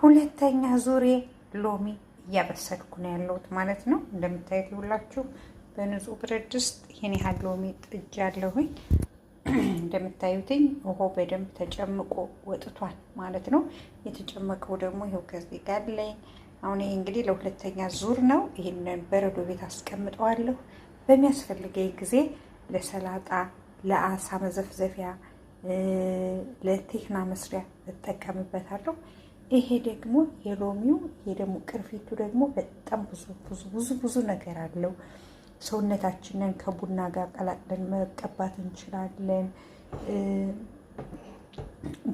ሁለተኛ ዙሬ ሎሚ እያበሰልኩ ነው ያለሁት ማለት ነው። እንደምታዩት ይሁላችሁ በንጹህ ብረት ድስት ይህን ያህል ሎሚ ጥጅ አለሁኝ። እንደምታዩትኝ ውሃው በደንብ ተጨምቆ ወጥቷል ማለት ነው። የተጨመቀው ደግሞ ይኸው ከዚህ ጋር ላይ አሁን ይህ እንግዲህ ለሁለተኛ ዙር ነው። ይህንን በረዶ ቤት አስቀምጠዋለሁ። በሚያስፈልገኝ ጊዜ ለሰላጣ፣ ለአሳ መዘፍዘፊያ፣ ለቴክና መስሪያ እጠቀምበታለሁ። ይሄ ደግሞ የሎሚው ይሄ ደግሞ ቅርፊቱ ደግሞ በጣም ብዙ ብዙ ብዙ ብዙ ነገር አለው። ሰውነታችንን ከቡና ጋር ቀላቅለን መቀባት እንችላለን።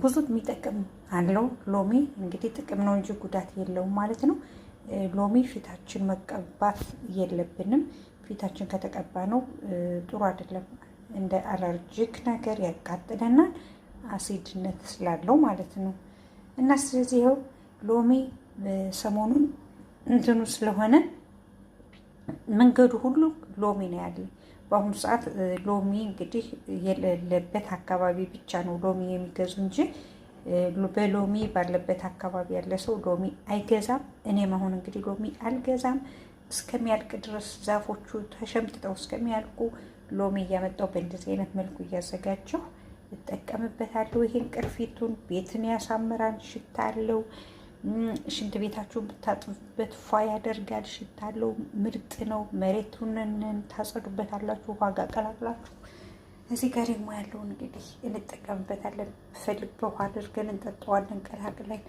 ብዙ የሚጠቅም አለው ሎሚ። እንግዲህ ጥቅም ነው እንጂ ጉዳት የለውም ማለት ነው። ሎሚ ፊታችን መቀባት የለብንም። ፊታችን ከተቀባ ነው ጥሩ አይደለም። እንደ አለርጂክ ነገር ያቃጥለናል፣ አሲድነት ስላለው ማለት ነው። እና ስለዚህ ይኸው ሎሚ ሰሞኑን እንትኑ ስለሆነ መንገዱ ሁሉ ሎሚ ነው ያለ። በአሁኑ ሰዓት ሎሚ እንግዲህ የሌለበት አካባቢ ብቻ ነው ሎሚ የሚገዙ እንጂ በሎሚ ባለበት አካባቢ ያለ ሰው ሎሚ አይገዛም። እኔም አሁን እንግዲህ ሎሚ አልገዛም እስከሚያልቅ ድረስ ዛፎቹ ተሸምጥጠው እስከሚያልቁ ሎሚ እያመጣው በእንደዚህ አይነት መልኩ እያዘጋጀው እጠቀምበታለሁ። ይሄን ቅርፊቱን ቤትን ያሳምራል፣ ሽታ አለው። ሽንት ቤታችሁን ብታጥፉበት ፏ ያደርጋል፣ ሽታ አለው። ምርጥ ነው። መሬቱንን ታጸዱበታላችሁ፣ ዋጋ ቀላቅላችሁ። እዚህ ጋር ደግሞ ያለው እንግዲህ እንጠቀምበታለን። ፈልግ በውሃ አድርገን እንጠጠዋለን። ቀላቅለን